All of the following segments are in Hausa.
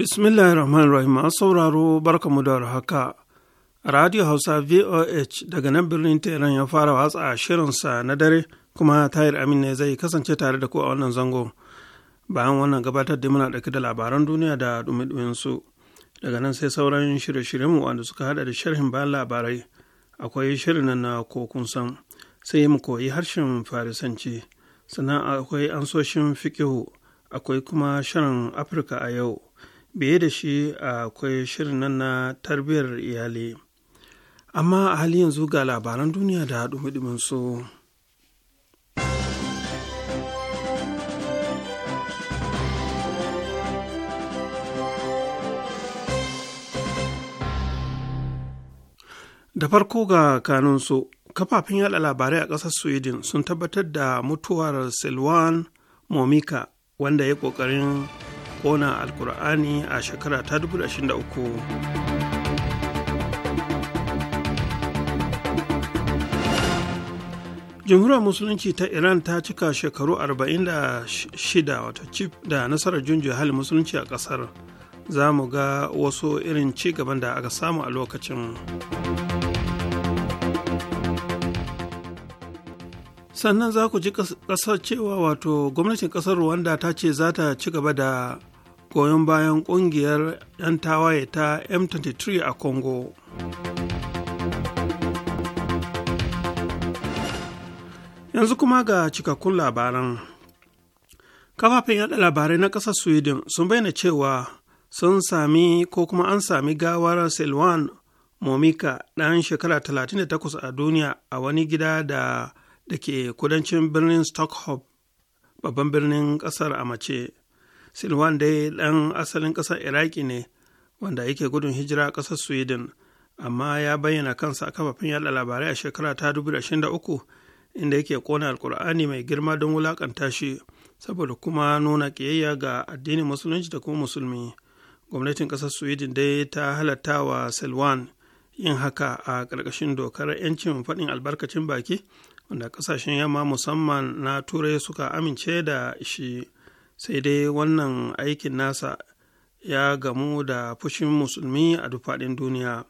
Bismillahirrahmanirrahim Rahmanir an sauraro mu da haka. Radio Hausa VOH daga nan birnin Teran ya fara watsa shirinsa na dare kuma tayar Amin ne zai kasance tare da ku a wannan zango. Bayan wannan gabatar da muna ɗauki da labaran duniya da dumi su. Daga nan sai sauran shirye-shiryenmu wanda suka hada da sharhin bayan labarai. Akwai shirin na kokun san sai mu koyi harshen Farisanci. Sannan akwai ansoshin fikihu akwai kuma shirin Afirka a yau. biye da shi akwai shirin nan na tarbiyyar iyali amma a hali yanzu ga labaran duniya da haɗu su. da farko ga kanunsu kafafen yada labarai a ƙasar sweden sun tabbatar da mutuwar silwan momika wanda ya ƙoƙarin kona alkur'ani a shekara ta 2023 jamhuriyar musulunci ta iran ta cika shekaru 46 wato cif da nasarar junjiya hali musulunci a kasar za mu ga wasu irin ci gaban da aka samu a lokacin sannan za ku ji kasar cewa wato gwamnatin kasar rwanda ta ce za ta ci gaba da goyon bayan ƙungiyar 'yan tawaye ta M23 a Congo. Yanzu kuma ga cikakkun labaran. Kafafen yada labarai na ƙasar Sweden sun bayyana cewa sun sami ko kuma an sami gawar Selwan Momika ɗan shekara 38 a duniya a wani gida da da ke kudancin birnin Stockholm, babban birnin ƙasar a mace. silwan dai ɗan asalin ƙasar iraki ne wanda yake gudun hijira a ƙasar sweden amma ya bayyana kansa a kafafen yada labarai a shekara ta 2023 inda yake kona alkur'ani mai girma don wulakanta shi saboda kuma nuna ƙiyayya ga addinin musulunci da kuma musulmi gwamnatin ƙasar sweden dai ta halatta wa silwan yin haka a ƙarƙashin dokar 'yancin faɗin albarkacin baki wanda ƙasashen yamma musamman na turai suka amince da shi sai dai wannan aikin nasa ya gamu da fushin musulmi a dufaɗin duniya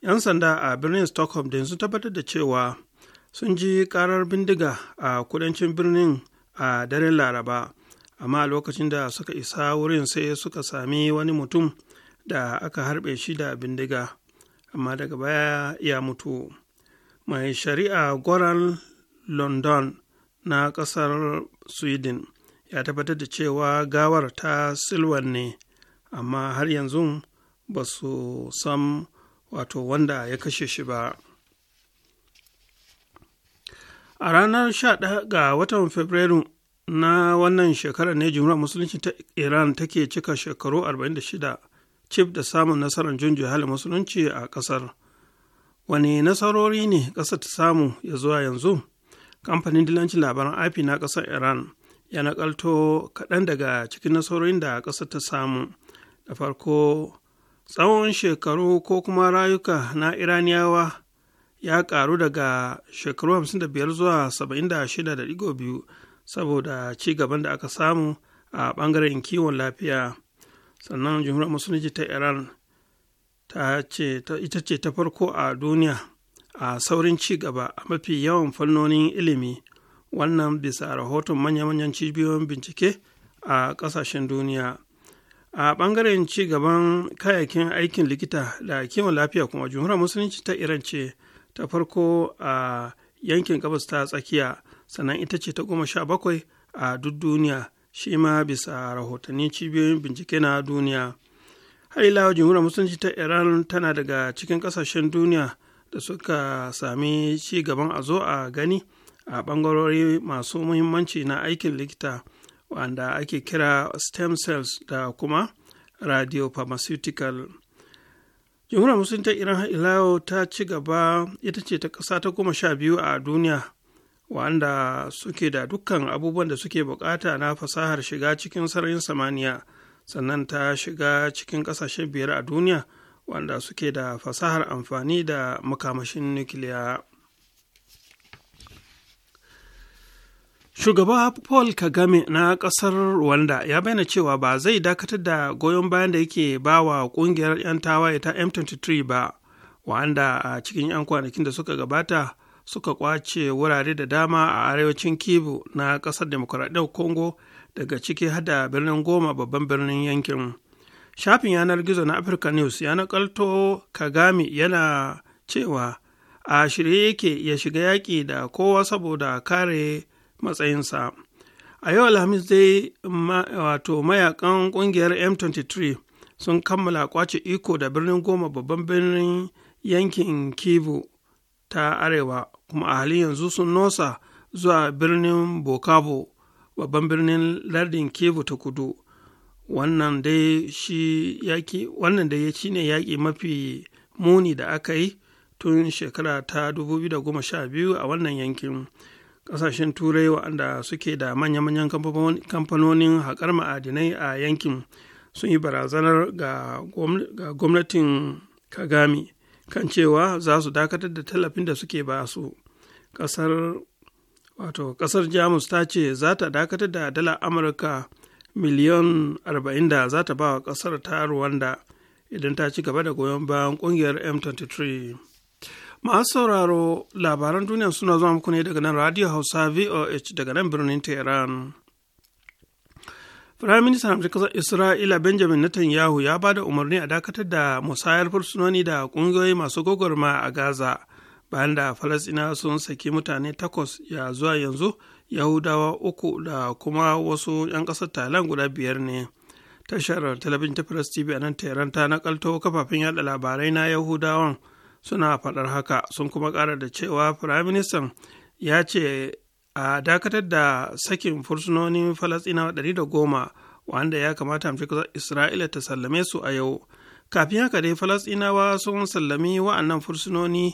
'yan sanda a birnin stockholm din sun tabbatar da cewa sun ji karar bindiga a kudancin birnin a daren laraba amma lokacin da suka isa wurin sai suka sami wani mutum da aka harbe shi da bindiga amma daga baya ya mutu mai shari'a goran london na kasar sweden ya tabbatar da cewa gawar ta silwan ne amma har yanzu ba su san wato wanda ya kashe shi ba a ranar 11 ga watan fabrairu na wannan shekarar ne jumhuriyar musulunci ta iran take cika shekaru 46 cif da samun nasarar junju halin musulunci a kasar wani nasarori ne kasar ta samu ya zuwa yanzu kamfanin dilancin labaran ip na ƙasar iran ya nakalto kaɗan daga cikin nasarorin da ƙasa ta samu da farko tsawon shekaru ko kuma rayuka na iraniyawa ya ƙaru daga shekaru 55 zuwa 76.2 saboda ci gaban da aka samu a ɓangaren kiwon lafiya sannan jumhuriyar musulunci ta iran ta ce ita ce ta farko a duniya a saurin ci gaba a mafi yawan fannonin ilimi wannan bisa rahoton manya-manyan cibiyoyin bincike a ƙasashen duniya a ɓangaren ci gaban kayayyakin aikin likita da kiwon lafiya kuma jumhuriyar musulunci ta iran ce ta farko a yankin gabas ta tsakiya sannan ita ce ta goma sha bakwai a duk duniya shi ma bisa rahotanni cibiyoyin bincike na duniya har ila jumhuriyar musulunci ta iran tana daga cikin ƙasashen duniya da suka sami ci gaban a zo a gani a ɓangarori masu muhimmanci na aikin likita wanda ake kira stem cells da kuma radiopharmaceutical jamhuriyar musulun ta iran ilayo ta ci gaba ita ce ta ƙasa ta goma sha biyu a duniya wanda suke da dukkan abubuwan da suke bukata na fasahar shiga cikin sararin samaniya sannan ta shiga cikin ƙasashe biyar a duniya wanda suke da fasahar amfani da makamashin nukiliya. Shugaba Paul Kagame na ƙasar Rwanda ya bayyana cewa ba zai dakatar da goyon bayan da yake ba wa ƙungiyar 'yan tawaye ta M23 ba, wanda a cikin 'yan kwanakin da suka gabata suka kwace wurare da dama a arewacin Kivu na ƙasar demokuraɗiyar Congo daga ciki hada birnin Goma babban birnin yankin. Shafin yanar gizo na Africa News ya nakalto Kagame yana cewa a shirye yake ya shiga yaƙi da kowa saboda kare matsayinsa a yau alhamis dai wato mayakan kungiyar m23 sun kammala kwace iko da birnin goma babban birnin yankin kivu ta arewa kuma a halin yanzu sun nosa zuwa birnin bokabo babban birnin lardin kivu ta kudu wannan dai shi da ya ne yaƙi mafi muni da aka yi tun shekara ta 2012 a wannan yankin ƙasashen turai waɗanda suke da manya-manyan kamfanonin haƙar ma'adinai a yankin sun yi barazanar ga gwamnatin kagami kan cewa za su dakatar da tallafin da suke ba su ƙasar wato ƙasar jamus ta ce za ta dakatar da dala amurka miliyan 40 da za ta ba wa ƙasar ta rwanda idan ta ci gaba da goyon bayan ƙungiyar m23 Masu sauraro labaran duniya suna zuwa muku ne daga nan Radio Hausa VOH daga nan birnin Tehran. Firayim Ministan Amurka Isra'ila Benjamin Netanyahu ya ba da umarni a dakatar da musayar fursunoni da ƙungiyoyi masu gogorma a Gaza bayan da falasina sun saki mutane takwas ya zuwa yanzu Yahudawa uku da kuma wasu 'yan ƙasar Thailand guda biyar ne. Tashar talabijin ta Press TV a nan Tehran ta nakalto kafafen yada labarai na Yahudawan. suna faɗar haka sun kuma ƙara da cewa firaministan ya ce a dakatar da sakin fursunonin falasɗinawa ɗari da goma wanda ya kamata amshi isra'ila ta sallame su a yau kafin haka dai falasɗinawa sun sallami wa'annan fursunoni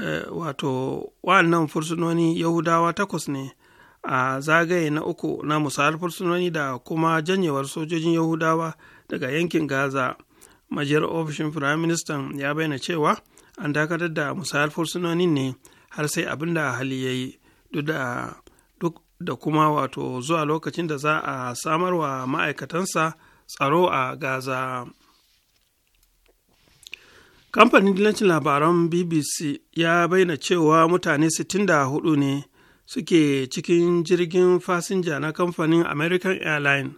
eh, wato wa'annan fursunoni yahudawa takwas ne a zagaye na uku na musayar fursunoni da kuma janyewar sojojin yahudawa daga yankin gaza majiyar ofishin firaministan ya bayyana cewa an dakatar da musayar fursunonin ne har sai abin da hali ya yi duk da kuma wato zuwa lokacin da za a samar wa ma'aikatansa tsaro a gaza kamfanin dillancin labaran bbc ya bayyana cewa mutane 64 ne suke cikin jirgin fasinja na kamfanin american airlines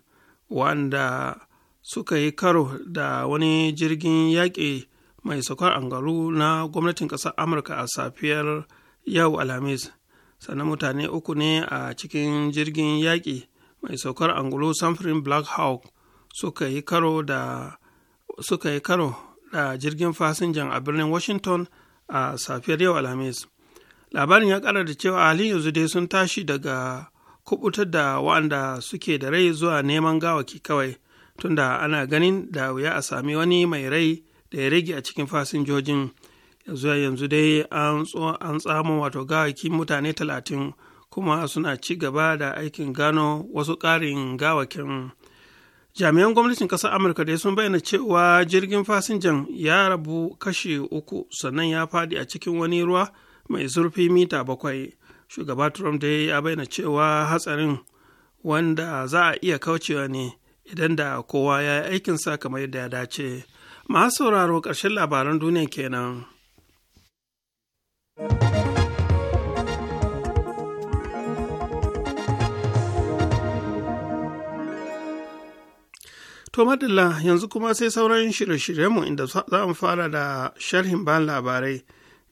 wanda suka yi karo da wani jirgin yaƙi mai saukar angaru na gwamnatin ƙasar amurka a safiyar yau alhamis sannan mutane uku ne a cikin jirgin yaƙi mai saukar angulu samfurin black hawk suka yi karo da jirgin fasinjan a birnin washington a safiyar yau alhamis labarin ya kara da cewa halin yanzu dai sun tashi daga kubutar da waɗanda suke da rai zuwa neman gawaki kawai tunda ana ganin da wuya a sami wani mai rai da ya rage a cikin fasinjojin yanzu yanzu dai an an tsamo wato gawaki mutane talatin kuma suna ci gaba da aikin gano wasu ƙarin gawakin jami'an gwamnatin ƙasar amurka dai sun bayyana cewa jirgin fasinjan ya rabu kashi uku sannan ya faɗi a cikin wani ruwa mai zurfi mita bakwai shugaba trump dai ya bayyana cewa hatsarin wanda za a iya kaucewa ne idan da kowa ya yi aikinsa kamar yadda ya dace masu sauraro ƙarshen labaran duniya kenan. To madalla yanzu kuma sai sauran shirye-shiryenmu inda za mu fara da sharhin ban labarai,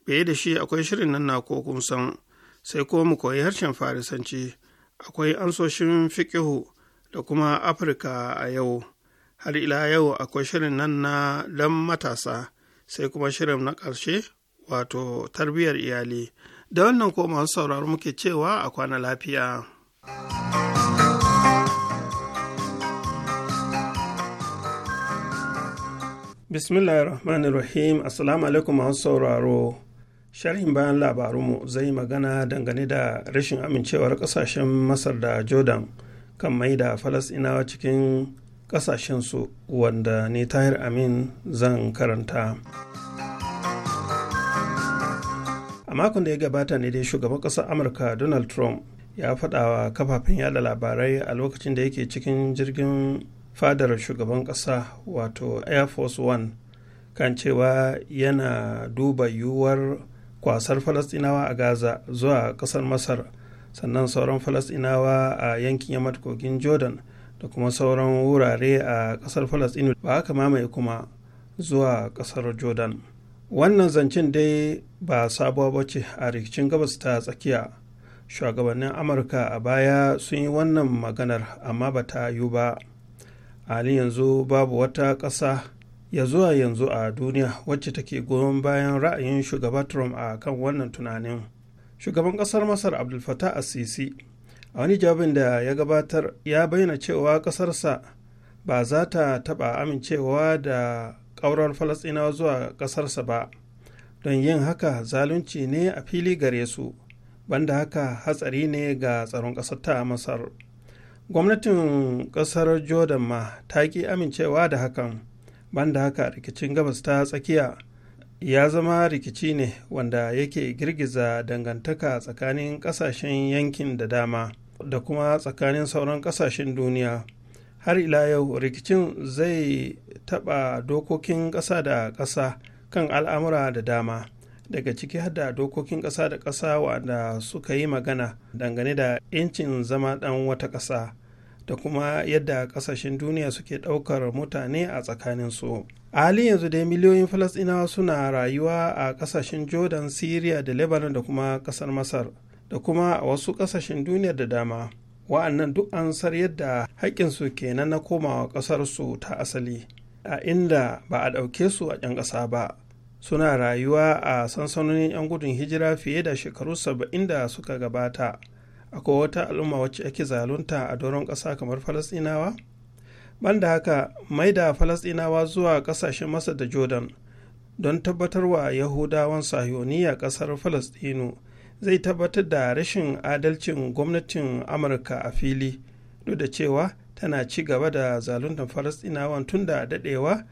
biye da shi akwai shirin nan na ko kun san, sai kuma mu koyi harshen Farisanci, akwai ansoshin fikihu da kuma Afirka a yau. har ila yau akwai shirin nan na dan matasa sai kuma shirin na ƙarshe wato tarbiyyar iyali da wannan ko masu sauraro muke cewa a kwana lafiya. bismillahir rahmanir rahim assalamu alaikum masu sauraro sharhin bayan labarunmu zai magana dangane da rashin amincewar kasashen masar da jordan kan mai da falasinawa cikin su wanda ne tahir amin zan karanta a makon da ya gabata ne dai shugaban kasar amurka donald trump ya faɗawa kafafen yada labarai a lokacin da yake cikin jirgin fadar shugaban kasa wato air force one kan cewa yana duba yiwuwar kwasar falastinawa a gaza zuwa kasar masar sannan sauran falastinawa a yankin yamma kogin jordan da kuma sauran wurare a ƙasar falasɗinu ba aka mamaye kuma zuwa ƙasar jordan wannan zancen dai ba sabuwa ba ce a rikicin gabas ta tsakiya shugabannin amurka a baya sun yi wannan maganar amma ba ta yiwu ba halin yanzu babu wata ƙasa ya zuwa yanzu a duniya wacce take goyon bayan ra'ayin shugaba trump a kan wannan tunanin shugaban ƙasar masar abdul fattah a wani jawabin da ya gabatar ya bayyana cewa ƙasarsa ba za ta taɓa amincewa da ƙaurar falasɗinawa zuwa ƙasarsa ba don yin haka zalunci ne a fili gare su banda haka hatsari ne ga tsaron ƙasar ta masar gwamnatin ƙasar jordan ma ta ƙi amincewa da hakan banda haka rikicin gabas ta tsakiya ya zama rikici ne wanda yake girgiza dangantaka tsakanin ƙasashen yankin da dama da kuma tsakanin sauran kasashen duniya har ila yau rikicin zai taɓa dokokin ƙasa da ƙasa kan al'amura da dama daga ciki har da dokokin ƙasa da ƙasa wanda suka yi magana dangane da 'yancin zama ɗan wata ƙasa da kuma yadda ƙasashen duniya suke ɗaukar mutane a tsakaninsu a halin yanzu dai miliyoyin falasɗinawa suna rayuwa a ƙasashen jordan syria da lebanon da kuma ƙasar masar da kuma a wasu ƙasashen duniya da dama wa'annan duk an sar yadda haƙƙinsu kenan na komawa ƙasarsu ta asali a inda ba a ɗauke su a ƴan ƙasa ba suna rayuwa a sansanonin 'yan gudun hijira fiye da shekaru saba'in da suka gabata akwai wata al'umma wacce ake zalunta a doron ƙasa kamar falasɗinawa da haka mai da falasɗinawa zuwa ƙasashen masa da jordan don tabbatarwa yahudawan sahiyoniya ƙasar falasɗinu zai tabbatar da rashin adalcin gwamnatin amurka a fili duk da cewa tana ci gaba da zaluntar falasɗinawa tun da daɗewa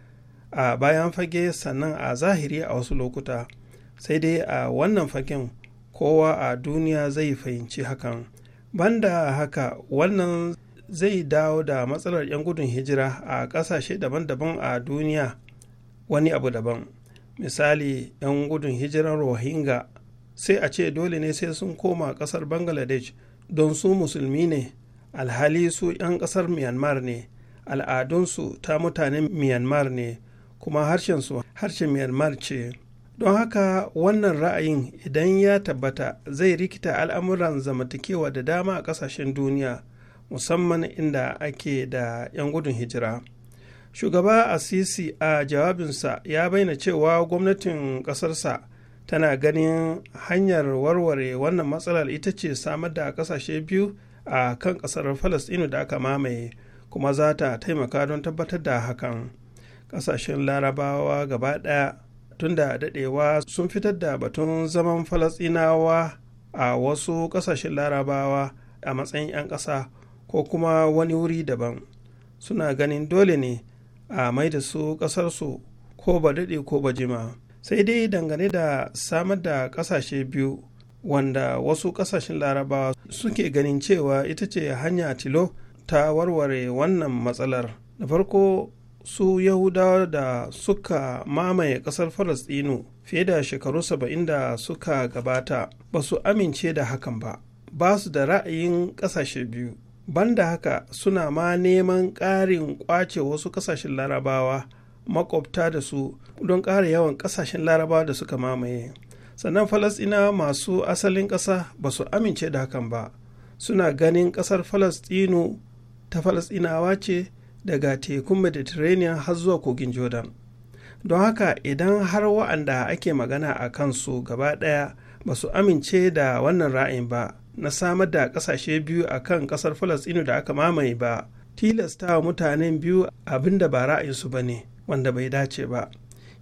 a bayan fage sannan a zahiri a wasu lokuta sai dai a wannan fagen kowa a duniya zai fahimci hakan banda haka wannan zai dawo da matsalar 'yan gudun hijira a ƙasashe daban-daban a duniya wani abu daban misali 'yan gudun hijiran rohingya sai a ce dole ne sai sun koma kasar bangladesh don su musulmi ne alhali su 'yan kasar myanmar ne al'adunsu ta mutane myanmar ne kuma harshensu harshen myanmar ce don haka wannan ra'ayin idan ya tabbata zai rikita al'amuran zamantakewa da dama a kasashen duniya musamman inda ake da 'yan gudun hijira shugaba asisi a jawabinsa ya bayyana cewa gwamnatin ƙasarsa. tana ganin hanyar warware wannan matsalar ita ce samar da kasashe biyu a kan kasar falastinu da aka mamaye kuma za ta taimaka don tabbatar da hakan kasashen larabawa gaba ɗaya tun da daɗewa sun fitar da batun zaman falastinawa a wasu kasashen larabawa a matsayin 'yan ƙasa ko kuma wani wuri daban suna ganin dole ne a mai da su ƙasarsu ko ba daɗe ko ba jima. sai dai dangane da samar da ƙasashe biyu wanda wasu ƙasashen larabawa suke ganin cewa ita ce hanya tilo ta warware wannan matsalar da farko su yahudawa da suka mamaye ƙasar falastinu fiye da shekaru saba'in da suka gabata ba su amince da hakan ba ba su da ra'ayin ƙasashe biyu banda haka suna ma neman ƙarin ƙwace wasu ƙasashen larabawa makwabta da su don ƙara yawan ƙasashen laraba da suka mamaye sannan falasɗina masu asalin ƙasa ba su amince da hakan ba suna ganin ƙasar falasɗinu ta falasɗinawa ce daga tekun mediterranean har zuwa kogin jordan don haka idan har wa'anda ake magana a kansu gaba ɗaya ba su amince da wannan ra'ayin ba na samar da ƙasashe biyu a kan ƙasar falasɗinu da aka mamaye ba tilasta wa mutanen biyu abinda da ba ra'ayinsu ba ne wanda bai dace ba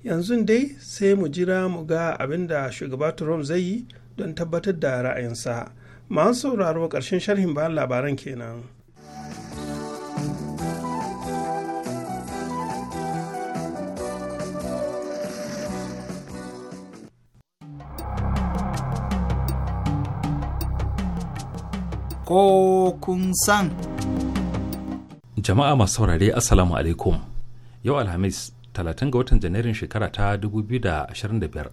yanzu dai sai mu jira mu ga abin da shugaba trump zai yi don tabbatar da ra'ayinsa masu sauraro ƙarshen sharhin bayan labaran kenan. ko kun san. Jama'a masu saurare Assalamu alaikum. yau alhamis 30 ga watan janairun shekara ta 2025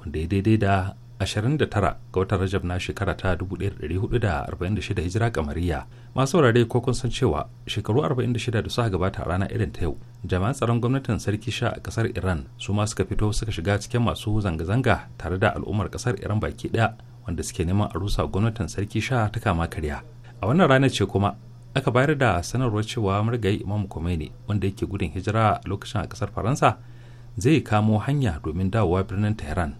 wanda ya daidai da 29 ga watan rajab na shekara ta 1446 hijira kamariya masu wurare ko kun san cewa shekaru 46 da suka gabata a rana irin ta yau jami'an tsaron gwamnatin sarki sha a kasar iran su ma suka fito suka shiga cikin masu zanga-zanga tare da al'ummar kasar iran baki daya wanda suke neman a rusa gwamnatin sarki sha ta kama karya a wannan ranar ce kuma aka bayar da sanarwar cewa marigayi imam Khomeini wanda yake gudun hijira lokacin a kasar faransa zai kamo hanya domin dawowa birnin tehran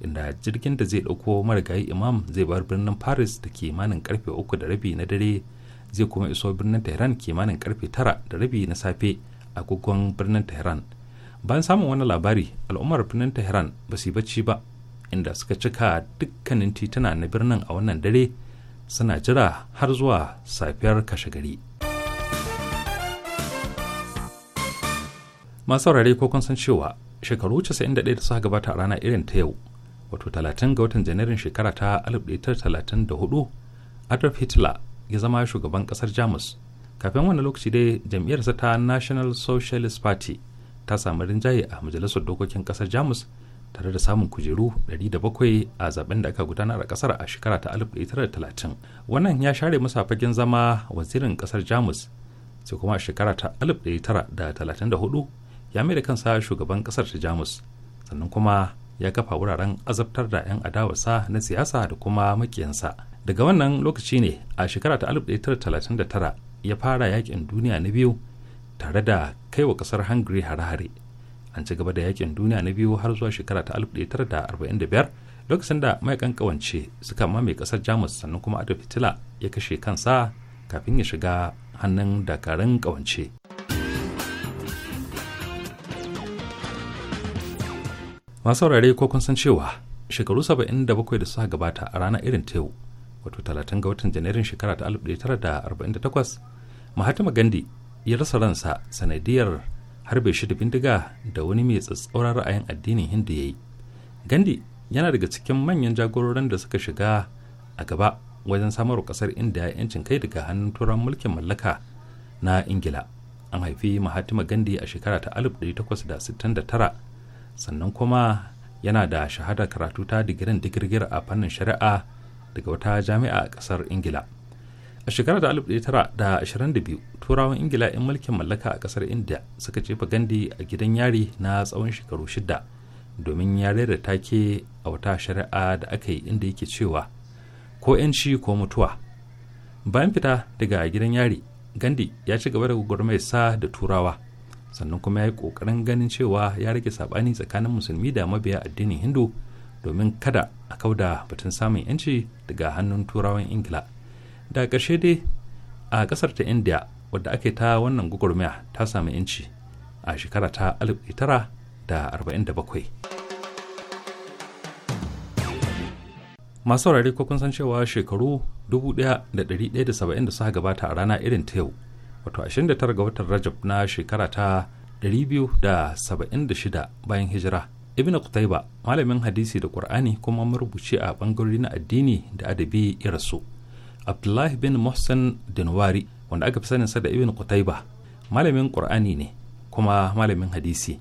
inda jirgin da zai ɗauko marigayi imam zai bar birnin paris da kimanin karfe uku da rabi na dare zai kuma iso birnin tehran kimanin karfe tara da rabi na safe a gugun birnin tehran bayan samun wani labari al'ummar birnin tehran ba su yi bacci ba inda suka cika dukkanin tituna na birnin a wannan dare suna jira har zuwa safiyar kashe gari masu saurare ko kun san cewa shekaru 91 da suka gabata a rana irin ta yau wato 30 ga watan janairun shekara ta 1934 adolf hitler ya zama shugaban kasar jamus kafin wannan lokaci dai jam'iyyarsa ta national socialist party ta samu rinjaye a majalisar dokokin kasar jamus tare da samun kujeru 700 a zaben da aka gudanar a kasar a shekara ta 1930 wannan ya share masa fagen zama wazirin kasar jamus sai kuma a shekara ta 1934 ya mai da kansa shugaban kasar ta jamus sannan kuma ya kafa wuraren azabtar da 'yan adawarsa na siyasa da kuma makiyansa daga wannan lokaci ne a shekara ta 1939 ya fara yakin duniya na biyu tare da kaiwa kasar hungary hare-hare an ci gaba da yakin duniya na biyu har zuwa shekara ta 1945 lokacin da mayakan kawance suka mame kasar jamus sannan kuma adolf hitler ya kashe kansa kafin ya shiga hannun dakarun kawance masu saurare ko kun san cewa shekaru 77 da suka gabata a ranar irin ta yau wato 30 ga watan janairun shekara ta 1948 mahatma gandhi ya rasa ransa sanadiyar harbe shi da bindiga da wani mai tsatsauran ra'ayin addinin hindu ya yi gandi yana daga cikin manyan jagororin da suka shiga a gaba wajen samarwa kasar india yancin kai daga hannun turan mulkin mallaka na ingila an haifi mahatima gandi a shekara ta 1869 sannan kuma yana da shahada karatu ta digirin digirgir a fannin shari'a daga wata jami'a a kasar ingila a shekarar da 1922 turawan ingila in mulkin mallaka a kasar india suka jefa gandi a gidan yari na tsawon shekaru shida domin yare da take a wata shari'a da aka yi inda yake cewa ko 'yanci ko mutuwa bayan fita daga gidan yari gandi ya ci gaba da gwagwarmai sa da turawa sannan kuma ya yi kokarin ganin cewa ya rage sabani tsakanin musulmi da mabiya addinin hindu domin kada a kauda batun samun yanci daga hannun turawan ingila da ƙarshe dai a ƙasar ta india wadda ake ta wannan gugurmiya ta sami inci a shekara ta 1947 masu saurare ko kun san cewa shekaru 1170 da suka gabata a rana irin ta yau wato 29 ga watan rajab na shekara ta 276 bayan hijira ibn qutayba malamin hadisi da ƙur'ani kuma marubuci a bangarori na addini da adabi ya rasu abdullahi bin Mohsen dinwari wanda aka fi saninsa da ibn qutaiba malamin qur'ani ne kuma malamin hadisi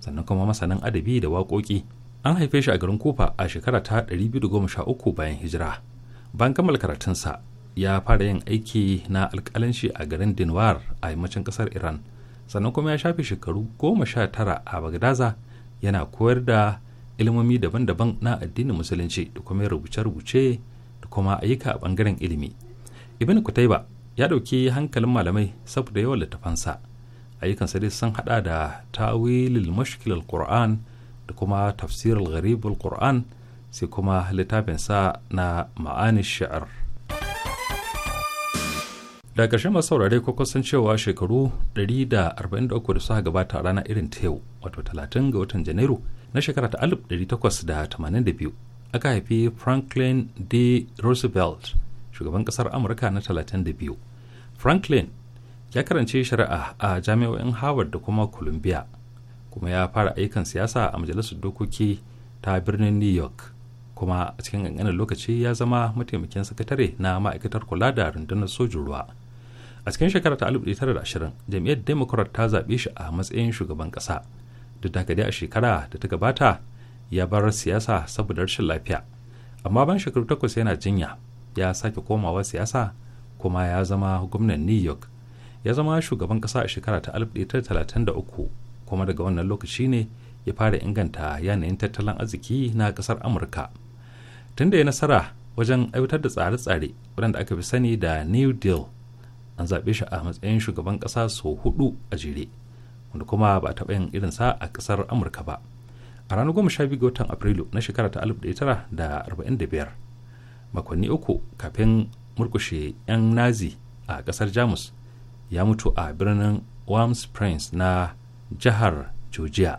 sannan kuma masanin adabi da waƙoƙi an haife shi a garin Kufa a shekara ta 213 bayan hijira bayan kammala karatunsa ya fara yin aiki na alƙalanci a garin dinwar a yammacin ƙasar iran sannan kuma ya shafe shekaru goma sha tara a bagdaza yana koyar da ilimomi daban-daban na addinin musulunci da kuma rubuce-rubuce kuma ayyuka a bangaren ilimi ibn kutaiba ya ɗauki hankalin malamai saboda yawan littafansa ayyukansa dai sun hada da tawilil mashkilal qur'an da kuma tafsirar gharibul qur'an sai kuma littafinsa na ma'anin sha'ar da ƙarshen masu saurare ko kusan cewa shekaru 143 da suka gabata a rana irin ta yau wato 30 ga watan janairu na shekara ta 1882 aka haifi franklin d roosevelt shugaban kasar amurka na 32 franklin ya karance shari'a a jami'o'in harvard da kuma columbia kuma ya fara aikan siyasa a majalisar dokoki ta birnin new york kuma a cikin ƙanƙanin lokaci ya zama mataimakin sakatare na ma'aikatar kula da rundunar sojin ruwa a cikin shekarar ta da tara 1920 jam'iyyar democrat ta zaɓe shi a matsayin shugaban ƙasa duk da dai a shekara da ta gabata ya bar siyasa saboda rashin lafiya amma ban shekaru takwas yana jinya ya sake komawa siyasa kuma ya zama gwamnan new york ya zama shugaban kasa a shekara ta 1933 kuma daga wannan lokaci ne ya fara inganta yanayin tattalin arziki na kasar amurka tun da ya nasara wajen aiwatar da tsare-tsare waɗanda aka fi sani da new deal an zaɓe shi a matsayin shugaban ƙasa sau hudu a jere wanda kuma ba taɓa yin irinsa a ƙasar amurka ba a ranar goma sha biyu ga watan afrilu na shekara ta da biyar makonni uku kafin murkushe 'yan nazi a kasar jamus ya mutu a birnin worms prince na jihar georgia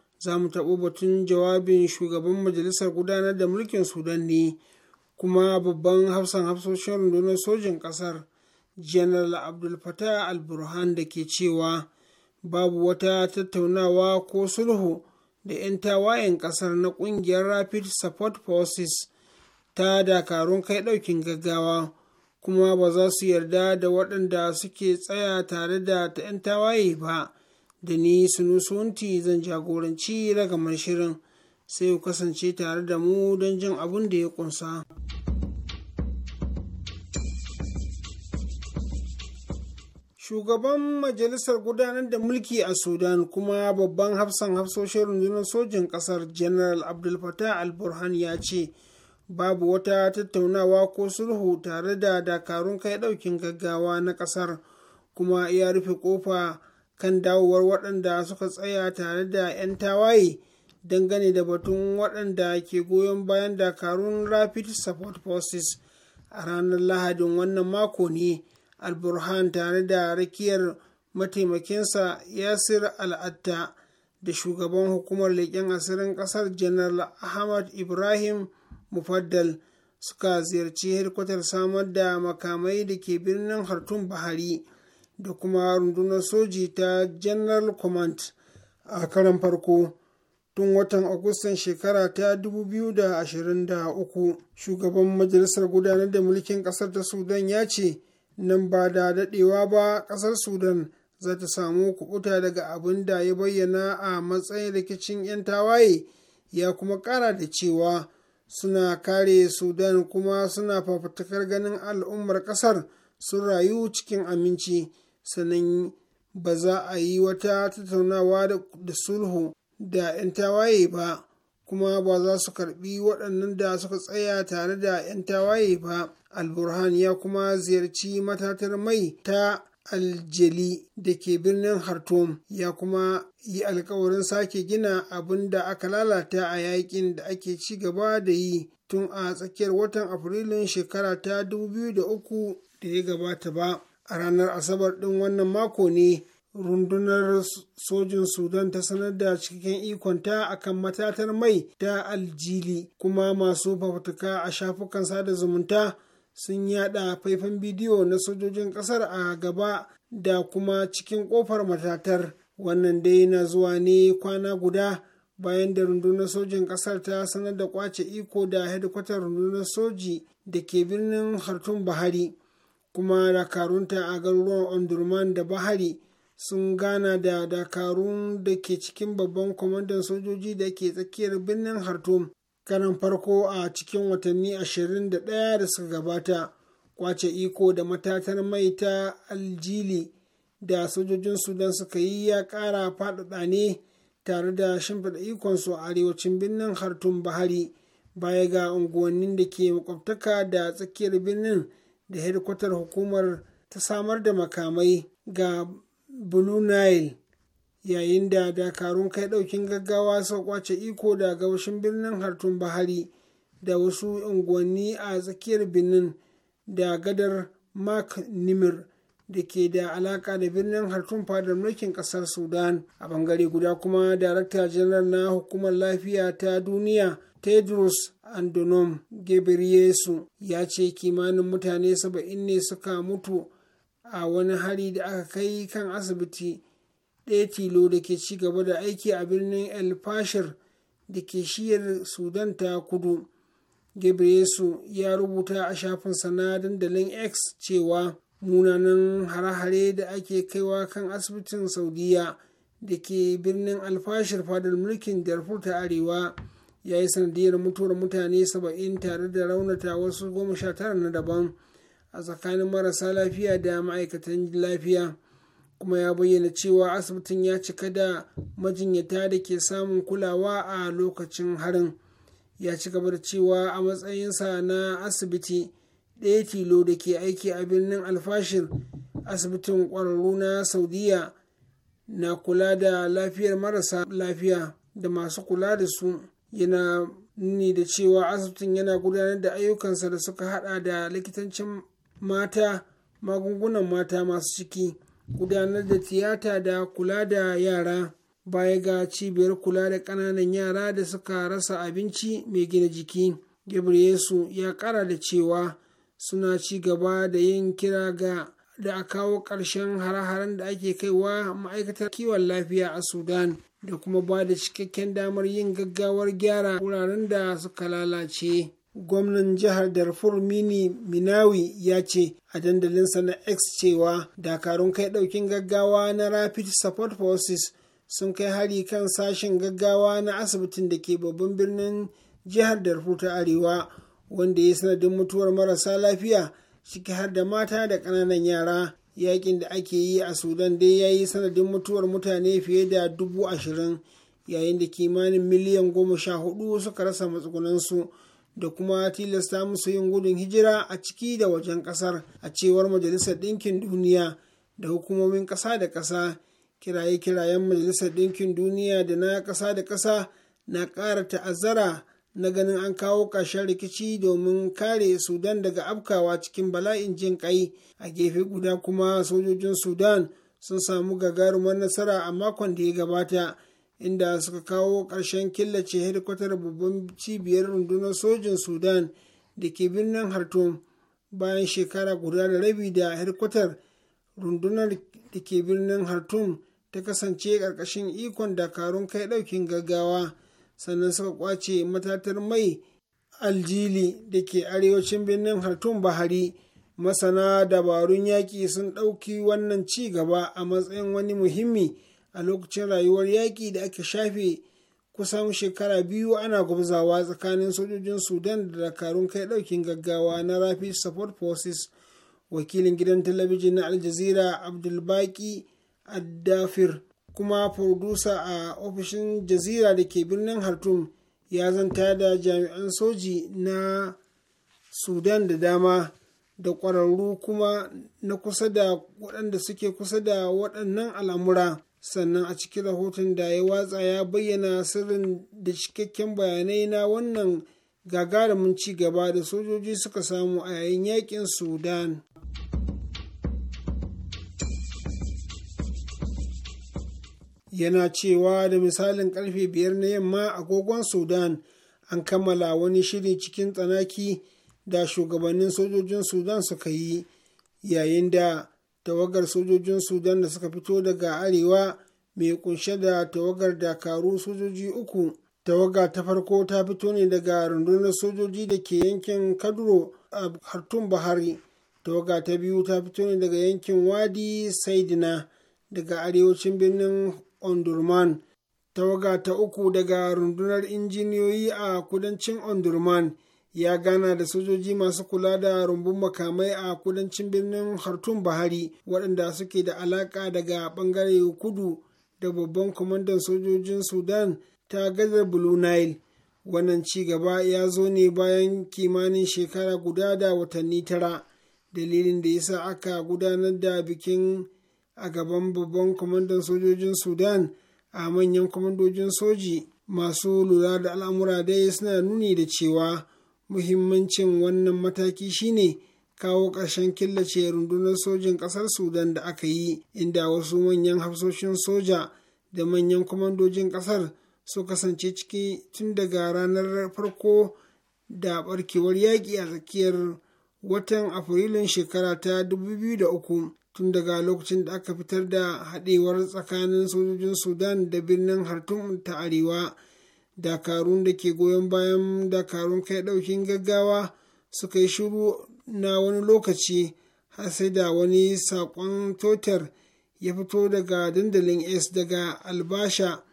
za mu taɓo batun jawabin shugaban majalisar gudanar da mulkin sudan ne kuma babban hafsan hafsoshin rundunar sojin ƙasar general abdul fatah al-burhan da ke cewa babu wata tattaunawa ko sulhu da 'yan tawayen ƙasar na ƙungiyar rapid support forces ta dakarun kai ɗaukin gaggawa kuma ba za su yarda da waɗanda suke tsaya tare da ta 'yan tawaye ba da ni sunusunti zan jagoranci ragamar shirin sai ku kasance tare da mu don jin abin da ya kunsa. Shugaban Majalisar Gudanar da Mulki a Sudan kuma babban hafsan hafsoshin rundunar sojin kasar General Abdul Fattah al-Burhan ya ce, Babu wata tattaunawa ko sulhu tare da dakarun kai daukin gaggawa na kasar kuma ya rufe kofa. kan dawowar waɗanda suka tsaya tare da 'yan tawaye dangane da batun waɗanda ke goyon bayan dakarun rapid support forces a ranar lahadin wannan mako ne alburhan tare da rakiyar mataimakinsa yasir al'atta da shugaban hukumar leƙen asirin ƙasar janar ahmad ibrahim mufaddal suka ziyarci hedkwatar samar da makamai da ke birnin hartun bahari. da kuma rundunar soji ta general command a karan farko tun watan agustan shekara ta 2023 shugaban majalisar gudanar da mulkin kasar ta sudan ya ce nan ba da dadewa ba kasar sudan za ta samu kubuta daga abin da ya bayyana a matsayin rikicin 'yan tawaye ya kuma kara da cewa suna kare sudan kuma suna fafatakar ganin al'ummar kasar sun rayu cikin aminci sannan ba za a yi wata tattaunawa da sulhu da 'yan tawaye ba kuma ba za su karbi waɗannan da suka tsaya tare da 'yan tawaye ba alburhan ya kuma ziyarci matatar mai ta aljeli da ke birnin hartum ya kuma yi alkawarin sake gina abin da aka lalata a yakin da ake ci gaba da yi tun a tsakiyar watan afrilun shekara ta 2003 da ya gabata ba a ranar asabar ɗin wannan mako ne rundunar sojin sudan ta sanar da cikakken ikonta akan matatar mai ta aljili kuma masu fafutuka a shafukan sada zumunta sun yada faifan bidiyo na sojojin ƙasar a gaba da kuma cikin ƙofar matatar wannan dai na zuwa ne kwana guda bayan da rundunar sojin ƙasar ta sanar da kwace iko da hedikwatar rundunar soji da ke birnin hartun bahari kuma dakarunta a garuruwan ondurman da bahari sun gana da dakarun da ke cikin babban kwamandan sojoji da ke tsakiyar birnin hartum karan farko a cikin watanni 21 da suka gabata kwace iko da matatar mai ta aljili da sojojin sudan suka yi ya kara faɗaɗa ne tare da shimfiɗa ikonsu a arewacin birnin hartum bahari baya ga unguwannin da ke makwabtaka da tsakiyar birnin da hedikwatar hukumar ta samar da makamai ga blue nile yayin da dakarun kai daukin gaggawa sau kwace iko da gabashin birnin hartun bahari da wasu unguwanni a tsakiyar birnin da gadar mark nimir da ke da alaka da birnin hartun fadar mulkin kasar sudan a bangare guda kuma darakta janar na hukumar lafiya ta duniya tedros andonom gebreyesu ya ce kimanin mutane saba'in ne suka mutu a wani hari da aka kai kan asibiti ɗaya tilo da ke ci gaba da aiki a birnin el fashir da ke shiyar sudan ta kudu gebreyesu ya rubuta a shafin sana dandalin x cewa munanan hare-hare da ake kaiwa kan asibitin saudiya da ke birnin alfashir fadar mulkin darfur ta arewa ya yi sanadiyar mutuwar mutane saba'in tare da raunata wasu goma sha tara na daban a tsakanin marasa lafiya da ma'aikatan lafiya kuma ya bayyana cewa asibitin ya cika da majinyata da ke samun kulawa a lokacin harin ya ci gaba da cewa a matsayinsa na asibiti ɗaya tilo da ke aiki a birnin alfashir asibitin ƙwararru na saudiya na kula da lafiyar marasa lafiya da masu kula da su yana nuni da cewa asibitin yana gudanar da ayyukansa da suka hada da likitancin mata magungunan mata masu ciki gudanar da tiyata da kula da yara baya ga cibiyar kula da ƙananan yara da suka rasa abinci mai gina jiki yesu ya ƙara da cewa suna ci gaba da yin kira ga da a kawo ƙarshen hare-haren da ake kaiwa ma'aikatar kiwon lafiya a sudan da kuma ba da cikakken damar yin gaggawar gyara wuraren da suka lalace gwamnan jihar darfur mini minawi ya ce a dandalinsa na x cewa dakarun kai ɗaukin gaggawa na rapid support forces sun kai hari kan sashen gaggawa na asibitin da ke babban birnin jihar darfur ta arewa wanda ya sanadin mutuwar marasa lafiya ciki har da mata da ƙananan yara yakin da ake yi a sudan dai ya yi sanadin mutuwar mutane fiye da dubu ashirin yayin da kimanin miliyan goma sha hudu suka rasa matsugunansu da kuma tilasta musu yin gudun hijira a ciki da wajen kasar a cewar majalisar ɗinkin duniya da hukumomin ƙasa da ƙasa kiraye-kirayen majalisar ɗinkin duniya da na ƙasa da ƙasa na ƙara ta'azzara na ganin an kawo ƙarshen rikici domin kare sudan daga afkawa cikin bala'in jin kai a gefe guda kuma sojojin sudan sun samu gagarumar nasara a makon da ya gabata inda suka kawo ƙarshen killace hedikwatar babban cibiyar rundunar sojin sudan da ke birnin hartum bayan shekara guda da rabi da hedikwatar rundunar da ke birnin hartum ta kasance ƙarƙashin ikon dakarun kai ɗaukin gaggawa sannan suka kwace matatar mai aljili da ke arewacin birnin hartun bahari masana dabarun yaƙi sun ɗauki wannan ci gaba a matsayin wani muhimmi a lokacin rayuwar yaƙi da ake shafe kusan shekara biyu ana gwabzawa tsakanin sojojin sudan da dakarun kai ɗaukin gaggawa na rapid support forces wakilin gidan talabijin na aljazeera abdulbaki addafir kuma furdusa a ofishin jazira da ke birnin hartum ya zanta da jami'an soji na sudan da dama da ƙwararru kuma na kusa da waɗanda suke kusa da waɗannan al'amura sannan a cikin rahoton da ya watsa ya bayyana sirrin da cikakken bayanai na wannan gagarumin ci gaba da sojoji suka samu a yayin yakin sudan yana cewa da misalin karfe biyar na yamma agogon sudan an kammala wani shiri cikin tsanaki da shugabannin sojojin sudan suka yi yayin da tawagar sojojin sudan da suka fito daga arewa mai kunshe da tawagar dakaru sojoji uku tawaga ta farko ta fito ne daga rundunar sojoji da ke yankin kaduro a hartun bahari tawaga ta biyu ta fito ne daga yankin wadi saidina daga arewacin birnin ondurman tawaga ta uku daga rundunar injiniyoyi a kudancin ondurman ya gana da sojoji masu kula da rumbun makamai a kudancin birnin hartun bahari waɗanda suke da alaƙa daga ɓangare kudu da babban kwamandan sojojin sudan ta gadar blue nile wannan ci gaba ya zo ne bayan kimanin shekara guda da watanni tara dalilin da yasa aka gudanar da bikin a gaban babban kwamandan sojojin sudan a manyan kwamandojin soji masu lura da al'amura dai suna nuni da cewa muhimmancin wannan mataki shine kawo ƙarshen killace rundunar sojin ƙasar sudan da aka yi inda wasu manyan hafsoshin soja da manyan kwamandojin ƙasar su kasance ciki tun daga ranar farko da barkewar yaƙi a tsakiyar watan afrilun shekara ta 2003 tun daga lokacin da aka fitar da haɗewar tsakanin sojojin sudan da birnin hartum ta arewa dakarun da ke goyon bayan dakarun kai ɗaukin gaggawa suka yi shiru na wani lokaci har sai da wani saƙon totar ya fito daga dandalin s daga albasha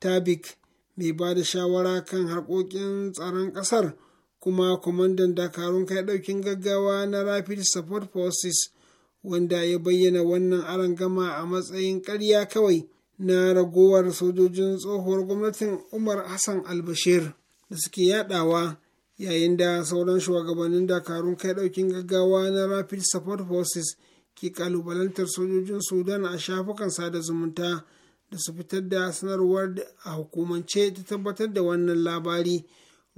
tabik mai ba da shawara kan harkokin tsaron ƙasar kuma kwamandan dakarun kai ɗaukin gaggawa na rapid support forces wanda ya bayyana wannan arangama a matsayin karya kawai na ragowar sojojin tsohuwar gwamnatin umar hassan albashir da suke yadawa yayin da sauran shugabannin dakarun kai daukin gaggawa na rapid support forces ke kalubalantar sojojin sudan a shafukan sada zumunta da su fitar da sanarwar a hukumance ta tabbatar da wannan labari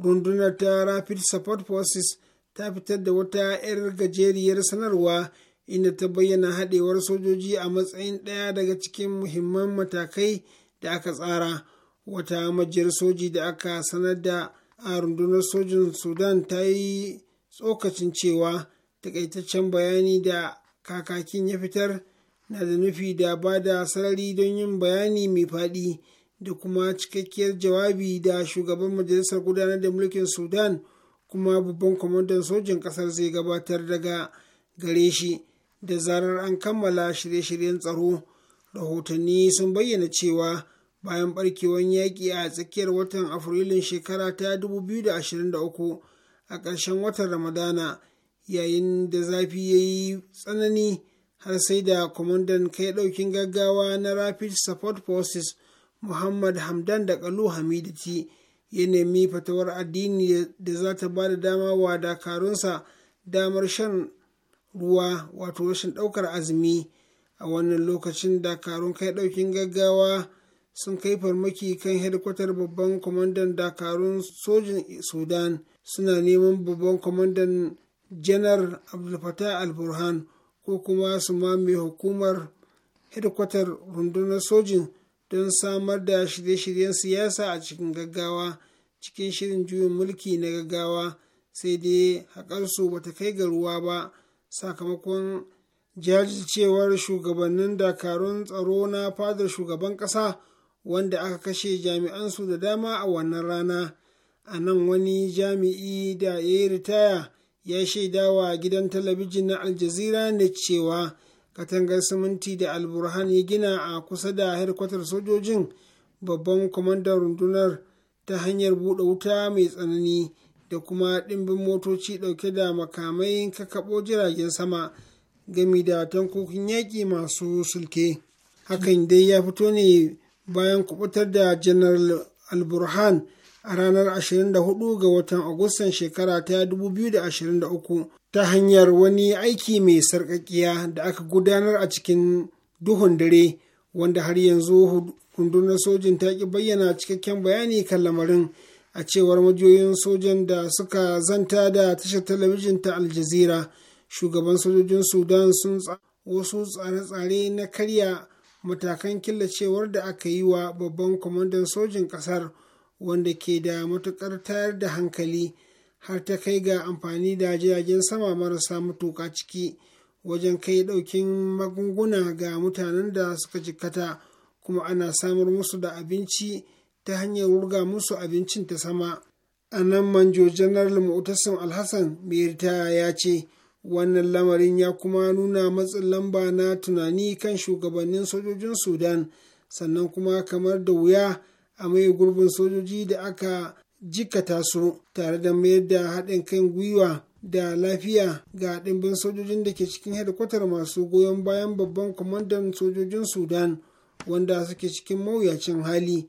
rundunar ta rapid support forces ta fitar da wata 'yar gajeriyar sanarwa inda ta bayyana haɗewar sojoji a matsayin ɗaya daga cikin muhimman matakai da aka tsara wata majiyar soji da aka sanar da a rundunar sojin sudan ta yi tsokacin cewa takaitaccen bayani da kakakin ya fitar na da nufi da ba da sarari don yin bayani mai faɗi da kuma cikakkiyar jawabi da shugaban majalisar gudanar da mulkin sudan kuma babban kwamandan sojin ƙasar zai gabatar daga gare shi da zarar an kammala shirye-shiryen tsaro rahotanni sun bayyana cewa bayan barkewar yaƙi a tsakiyar watan afrilun shekara ta 2023 a ƙarshen watan ramadana yayin da zafi ya yi tsanani har sai da kwamandan kai ɗaukin gaggawa na rapid support forces muhammad hamdan da kalu hamidati ya nemi fatawar addini da za ta ba da dama wa dakarunsa damar shan ruwa wato rashin ɗaukar azumi a wannan lokacin dakarun kai ɗaukin gaggawa sun kai farmaki kan hedikwatar babban kwamandan dakarun sojin sudan suna neman babban kwamandan janar abdulfatah al-burhan ko kuma su mame hukumar hedikwatar rundunar sojin don samar da shirye-shiryen siyasa a cikin gaggawa cikin shirin juyin mulki na gaggawa sai dai haƙarsu bata kai ga ruwa ba sakamakon jajircewar shugabannin dakarun tsaro na fadar shugaban ƙasa wanda aka kashe jami'ansu da dama a wannan rana a nan wani jami'i da ya yi ritaya ya shaidawa gidan talabijin na aljazira ne cewa katangar siminti da alburhan ya gina a kusa da harkwatar sojojin babban kwamandan rundunar ta hanyar buɗe wuta mai tsanani da kuma ɗimbin motoci ɗauke da makamai kakaɓo jiragen sama gami da tankokin yaƙi masu sulke hakan dai ya fito ne bayan kubutar da general alburhan a ranar 24 ga watan agustan shekara ta 2023 ta hanyar wani aiki mai sarƙaƙiya da aka gudanar a cikin duhun dare wanda har yanzu hundunar sojin ta ƙi bayyana cikakken bayani kan lamarin a cewar majiyoyin sojan da suka zanta da tashar talabijin ta aljazira shugaban sojojin sudan sun wasu tsare-tsare na karya matakan killacewar da aka yi wa babban kwamandan sojin kasar wanda ke da matukar tayar da hankali har ta kai ga amfani da jiragen sama marasa matuka ciki wajen kai daukin magunguna ga mutanen da suka jikkata kuma ana samar musu da abinci ta hanyar wurga musu abincin ta sama a nan manjo janar mu'tasim alhassan mai ya ce wannan lamarin ya kuma nuna matsin lamba na tunani kan shugabannin sojojin sudan sannan kuma kamar da wuya a mai gurbin sojoji da aka jikata su tare da mayar da haɗin kan gwiwa da lafiya ga ɗimbin sojojin da ke cikin hedikwatar masu goyon bayan babban kwamandan sojojin sudan wanda suke cikin mawuyacin hali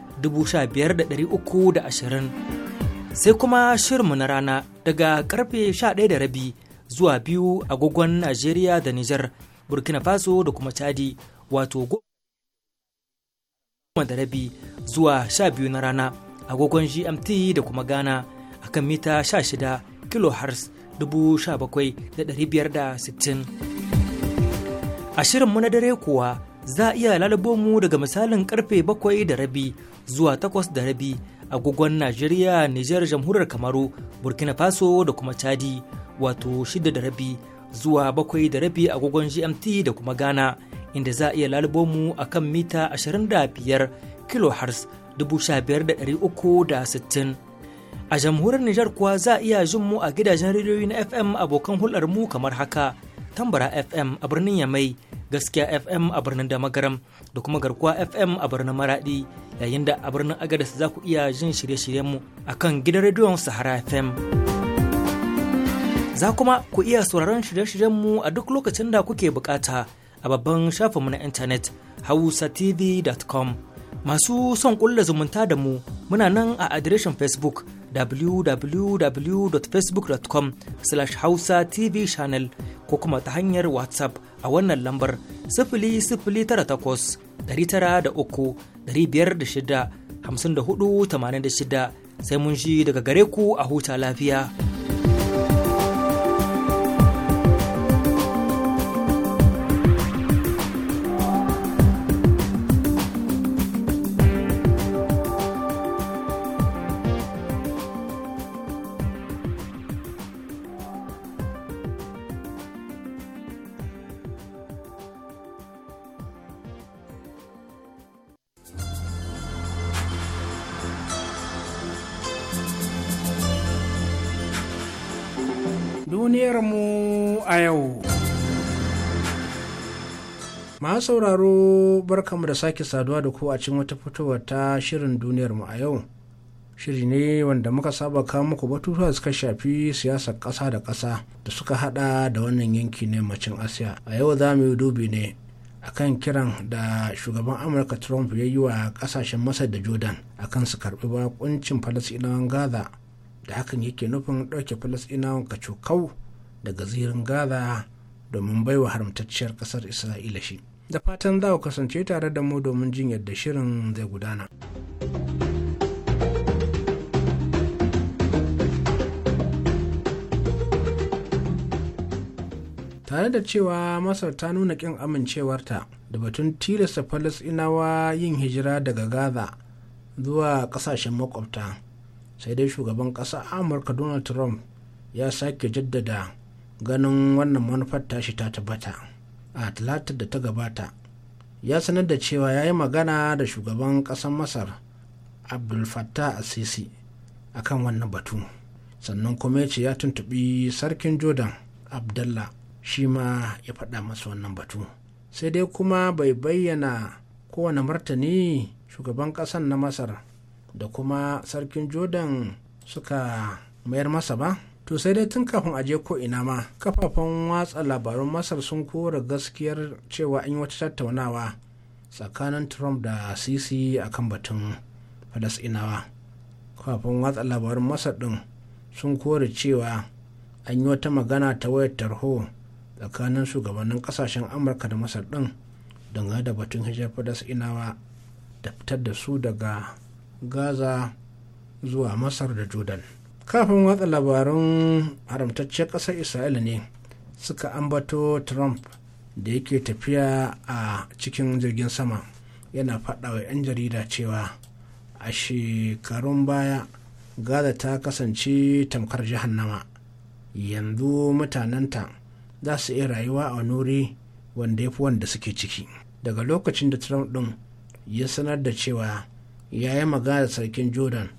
ashirin sai kuma shirmu na rana daga karfe rabi zuwa biyu agogon Najeriya da Nijar, Burkina Faso da kuma Chadi wato goma da rabi zuwa biyu na rana agogon GMT da kuma Ghana a kan mita 16 kilohertz 17,560 a shirinmu na dare kuwa za a iya lalubo mu daga misalin karfe bakwai da rabi zuwa takwas da rabi agogon Najeriya, Nijar, Jamhuriyar Kamaru, Burkina Faso da kuma Chadi, wato shida da rabi zuwa bakwai da rabi agogon GMT da kuma Ghana, inda za a iya lalubo mu a kan mita 25 kHz 15,360. A jamhuriyar Nijar kuwa za a iya jin mu a gidajen rediyoyi na FM abokan hular mu kamar haka. tambara fm a birnin yamai gaskiya fm a birnin damagaram da kuma garkuwa fm a birnin maradi yayin da a birnin agadas za ku iya jin shirye-shiryenmu a kan gidan rediyon sahara fm za kuma ku iya sauraron shirye-shiryenmu a duk lokacin da kuke bukata a babban shafinmu na intanet hausatv.com Masu son ƙulla zumunta da mu muna nan a adireshin Facebook www.facebook.com slash hausa tv channel ko kuma ta hanyar WhatsApp a wannan lambar sifili sifili tara uku biyar shida hamsin da hudu tamanin da shida sai mun shi daga gare ku a huta lafiya. yau. Masu sauraro barkamu da sake saduwa da ku a cikin wata fitowa ta shirin duniyar mu a yau. Shiri ne wanda muka saba kawo muku batutuwa suka shafi siyasar ƙasa da ƙasa da suka hada da wannan yanki na yammacin Asiya. A yau za mu yi dubi ne akan kiran da shugaban Amurka Trump ya yi wa ƙasashen Masar da Jordan akan su karɓi bakuncin Falasɗinawan Gaza da hakan yake nufin ɗauke Falasɗinawan kacokau daga zirin gaza domin baiwa haramtacciyar kasar isra'ila shi da fatan za ku kasance tare da mu domin jin yadda shirin zai gudana tare da cewa masar ta nuna kin amincewarta da batun tilasta inawa yin hijira daga gaza zuwa kasashen makwabta sai dai shugaban ƙasa amurka donald trump ya sake jaddada ganin wannan manufar tashi ta tabbata a talatar da ta gabata ya sanar da cewa ya yi magana da shugaban ƙasar masar abdul fattah asisi akan wannan batu sannan kuma ya ce ya tuntubi sarkin jordan abdallah shi ma ya faɗa masa wannan batu sai dai kuma bai bayyana kowane martani shugaban ƙasar na masar da kuma sarkin jordan suka mayar masa ba to sai dai tun kafin aje ko ina ma kafafen watsa labarun masar sun kora gaskiyar cewa an yi wata tattaunawa tsakanin trump da sisi kan batun falasinawa kafafen watsa labarun masar din sun kore cewa an yi wata magana ta wayar tarho tsakanin shugabannin kasashen amurka da masar din dangane da batun hijar falasinawa da fitar da su daga gaza zuwa masar da jordan kafin watsa labarun haramtacciyar ƙasar isra'ila ne suka ambato trump da yake tafiya a cikin jirgin sama yana faɗa wa 'yan jarida cewa a shekarun baya gaza ta kasance tamkar jahannama yanzu mutanenta za su iya rayuwa a wani wanda ya fi wanda suke ciki daga lokacin da trump ɗin ya sanar da cewa ya yi magana da sarkin jordan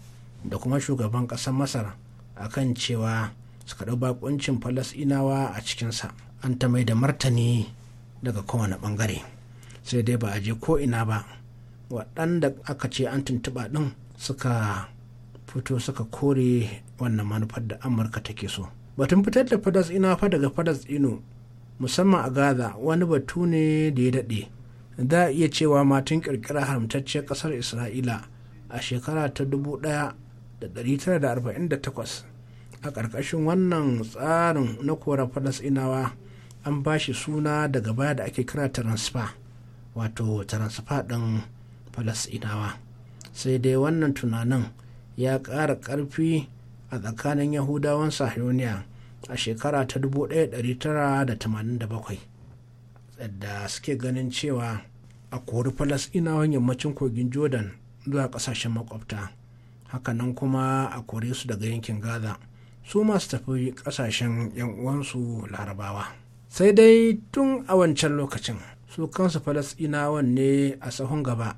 da kuma shugaban ƙasar masar a kan cewa suka ɗau bakuncin falasɗinawa a cikinsa an ta mai da martani daga kowane ɓangare sai dai ba a je ko ina ba waɗanda aka ce an tuntuɓa ɗin suka fito suka kore wannan manufar da amurka take so batun fitar da falasɗinawa fa daga falasɗinu musamman a gaza wani batu ne da ya daɗe za a iya cewa matun ƙirƙirar haramtacciyar ƙasar isra'ila a shekara ta dubu ɗaya. 1948 a ƙarƙashin wannan tsarin na kora falasɗinawa, an ba shi suna daga baya da ake kira transfer wato transfer ɗin falasɗinawa) sai dai wannan tunanin ya ƙara ƙarfi a tsakanin yahudawan sahiyoniya a shekara ta 1987 da suke ganin cewa a kori falasɗinawan yammacin kogin jordan zuwa ƙasashen makwabta hakanan kuma a kore su daga yankin gaza su masu tafi kasashen yan uwansu larabawa sai dai tun a wancan lokacin su kansu falasɗinawan ne a sahun gaba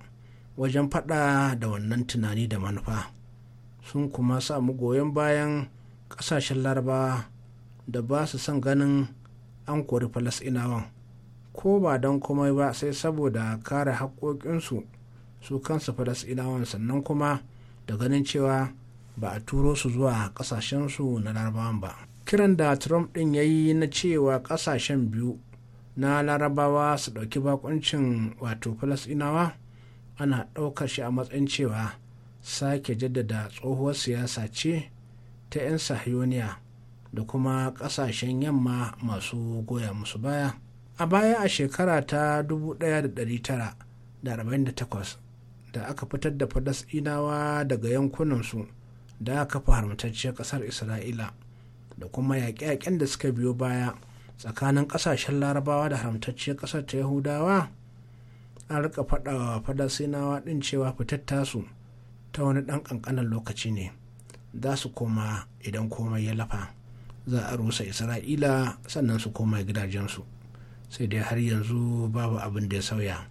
wajen faɗa da wannan tunani da manufa sun kuma samu goyon bayan ƙasashen larabawa da ba su son ganin an kori falasɗinawan ko ba don komai ba sai saboda kare haƙoƙinsu su kansu falasɗinawan sannan kuma da ganin cewa ba a turo su zuwa kasashensu na larabawan ba kiran da trump din ya yi na cewa kasashen biyu na larabawa su dauki bakuncin wato falasinawa ana ɗaukar shi a matsayin cewa sake jaddada tsohuwar siyasa ce ta 'yan sahiyoniya da kuma ƙasashen yamma masu goya musu baya a baya a shekara ta 1948 da aka fitar da falasɗinawa daga yankunansu da aka kafa haramtacciyar ƙasar isra'ila da kuma yaƙe-yaƙen da suka biyo baya tsakanin ƙasashen larabawa da haramtacciyar ƙasar ta yahudawa an rika faɗawa falasɗinawa ɗin cewa fitar tasu ta wani ɗan ƙanƙanan lokaci ne za su koma idan komai ya lafa za a rusa isra'ila sannan su koma gidajensu sai dai har yanzu babu abin da ya sauya.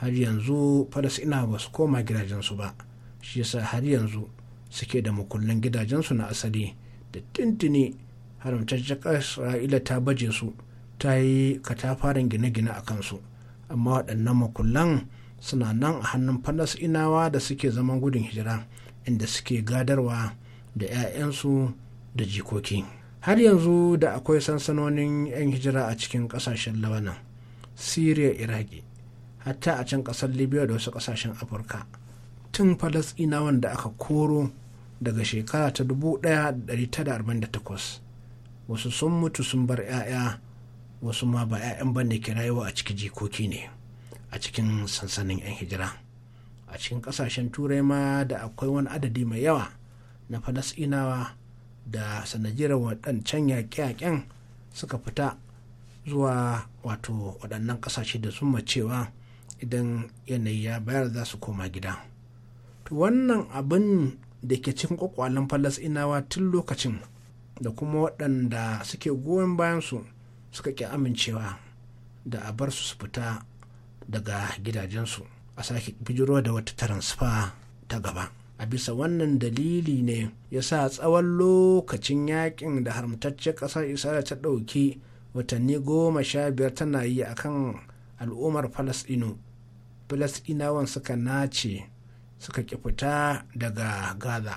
har yanzu falasina ba su koma gidajensu ba shi yasa har yanzu suke da mukullan gidajensu na asali da tintini haramtaccen isra'ila ta baje su ta yi katafaren gine-gine a kansu amma waɗannan makullan suna nan a hannun falasinawa da suke zaman gudun hijira inda suke gadarwa da 'ya'yansu da jikoki har yanzu da akwai sansanonin 'yan hijira a cikin ƙasashen lawanan siriya iraki hatta a can ƙasar libya da wasu kasashen afirka tun falasɗinawan da aka koro daga shekara ta 1948 wasu sun mutu sun bar 'ya'ya wasu ma ba 'ya'yan ba ne ke rayuwa a cikin jikoki ne a cikin sansanin 'yan hijira a cikin kasashen turai ma da akwai wani adadi mai yawa na falasinawa da sanadiyar waɗancan yaƙe-yaƙen suka fita zuwa wato waɗannan ƙasashe da sun cewa idan yanayi ya bayar za su koma gida to wannan abin da ke cikin kwakwalen falasinawa tun lokacin da kuma waɗanda suke goyon su suka ƙi amincewa da a bar su su fita daga gidajensu a sake bijiro da wata taransfa ta gaba a bisa wannan dalili ne ya sa tsawon lokacin yakin da haramtaccen ƙasar isra'ila ta ɗauki watanni goma sha biyar tana yi akan al'ummar falasɗinu falasɗinawan suka nace suka ƙi fita daga gaza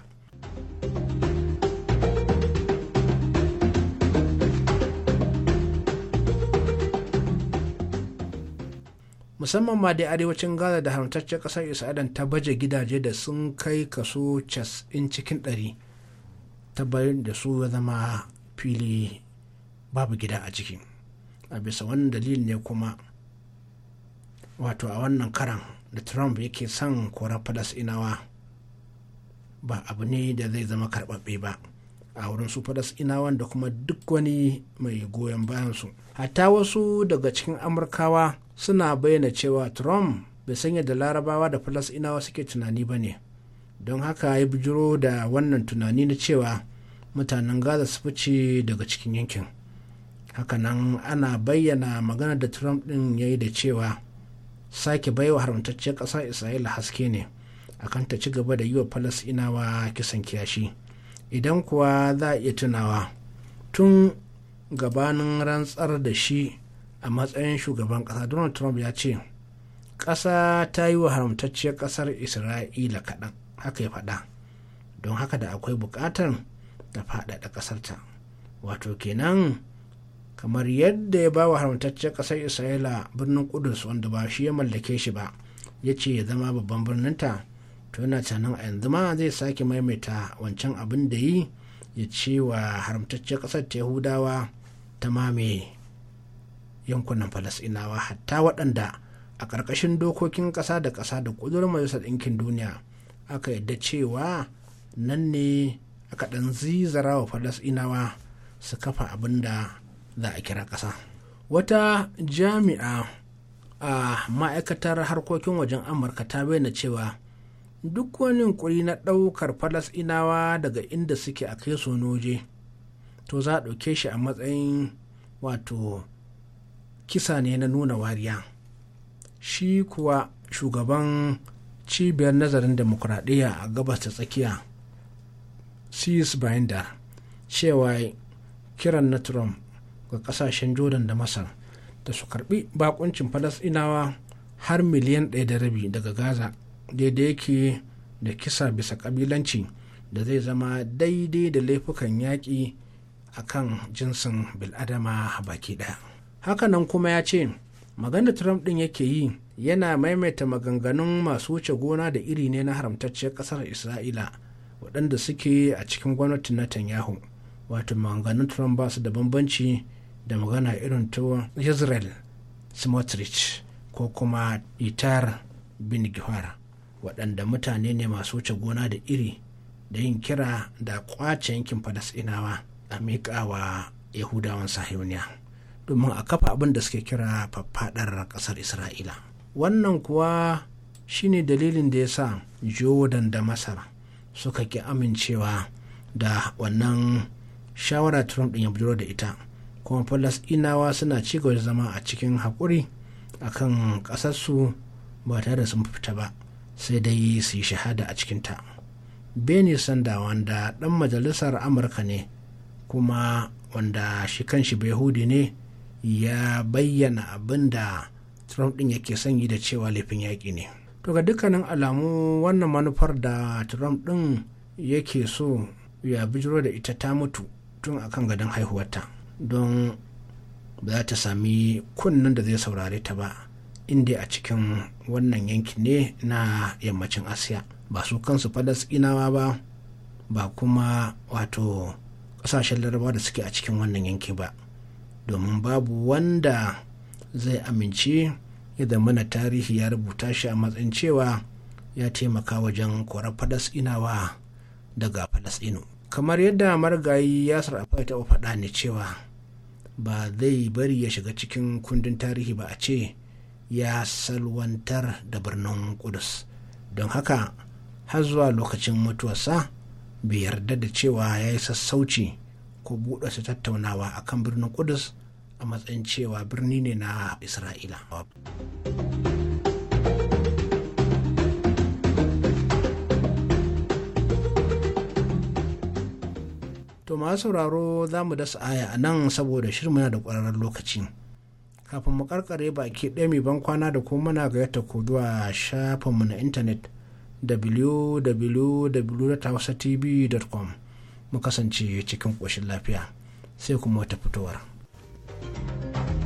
musamman ma da arewacin gaza da haramtaccen ƙasar isra'ilan ta baje gidaje da sun kai kaso in cikin ɗari tabbarin da su ya zama fili babu gida a ciki a bisa wannan dalilin ne kuma wato a wannan karan da trump yake son kora korar inawa ba abu ne da zai zama karbabbe ba a wurin su inawa da kuma duk wani mai goyon bayansu hatta wasu daga cikin amurkawa suna bayyana cewa trump bai sanya da larabawa da inawa suke tunani ba ne don haka ya bijiro da wannan tunani na cewa mutanen gaza su fice daga cikin yankin hakanan ana bayyana magana da trump ɗin ya yi da cewa sake baiwa haramtacciyar ƙasar isra'ila haske ne akan ta ci gaba da yi wa falasinawa kisan kiyashi idan kuwa za a iya tunawa tun gabanin rantsar da shi a matsayin shugaban ƙasa donald trump ya ce ƙasa ta yi wa haramtacciyar ƙasar isra'ila kaɗan haka ya faɗa don haka da akwai buƙatar ta faɗaɗa ƙasarta wato kenan kamar yadda ya ba wa haramtaccen ƙasar isra'ila birnin kudus wanda ba shi ya mallake shi ba ya ce ya zama babban birninta to yana canan a yanzu ma zai sake maimaita wancan abin da yi ya ce wa haramtaccen ƙasar ta yahudawa ta mame yankunan falasinawa hatta waɗanda a ƙarƙashin dokokin ƙasa da ƙasa da ƙudurin majalisar ɗinkin duniya aka yadda cewa nan ne aka ɗan zizara wa falasinawa su kafa abin da za a kira ƙasa wata jami'a a ma'aikatar harkokin wajen amurka ta bayyana cewa duk wani yunkuri na ɗaukar falasinawa daga inda suke a kai noje to za a ɗauke shi a matsayin wato kisa ne na nuna wariya shi kuwa shugaban cibiyar nazarin demokuraɗiyya a gabas ta tsakiya cis binder cewa kiran na trump ga kasashen jordan da masar da su karbi bakuncin falasɗinawa har miliyan ɗaya da rabi daga gaza daidai yake da kisa bisa kabilanci da zai zama daidai da laifukan yaƙi a kan jinsin biladama baki ɗaya hakanan kuma ya ce magana trump ɗin yake yi yana maimaita maganganun masu wuce gona da iri ne na haramtacciyar ƙasar isra'ila waɗanda suke a cikin gwamnatin netanyahu wato maganganun trump ba su da bambanci da magana irin ta israel smotrich ko kuma itar bin gihar waɗanda mutane ne masu wuce gona da iri da yin kira da kwace yankin falasinawa a miƙawa yahudawan sahiyoniya domin a kafa abin da suke kira faffaɗar ƙasar isra'ila wannan kuwa shine dalilin da ya sa jordan da masar suka ki amincewa da wannan shawara trump ɗin ya da ita kuma falasɗinawa suna ci gaba da zama a cikin haƙuri a kan ƙasarsu ba tare da sun fita ba sai dai su yi shahada a cikinta beni sanda wanda ɗan majalisar amurka ne kuma wanda shi kanshi yahudi ne ya bayyana abin da trump ɗin yake son yi da cewa laifin yaƙi ne to ga dukkanin alamu wannan manufar da trump ɗin yake so ya bijiro da ita ta mutu tun akan gadon haihuwarta don ba za ta sami kunnen da zai saurare ta ba inda a cikin wannan yanki ne na yammacin asiya ba su kansu falasɗinawa ba ba kuma wato ƙasashen laraba da suke a cikin wannan yanki ba domin babu wanda zai amince ya mana tarihi ya rubuta shi a matsayin cewa ya taimaka wajen korar falasɗinawa daga falasɗinu kamar yadda marigayi yasir afai taɓa faɗa ne cewa ba zai bari ya shiga cikin kundin tarihi ba a ce ya salwantar da birnin kudus don haka har zuwa lokacin mutuwarsa bai yarda da cewa ya yi sassauci ko buɗe su tattaunawa akan birnin kudus a matsayin cewa birni ne na isra'ila to masu sauraro za mu dasa aya a nan saboda shirin muna da ƙwararren lokaci kafin mu karkare baki ɗaya mai ban kwana da kuma muna gayyata ko zuwa shafinmu na intanet www.hausatv.com mu kasance cikin ƙoshin lafiya sai kuma wata fitowar. thank you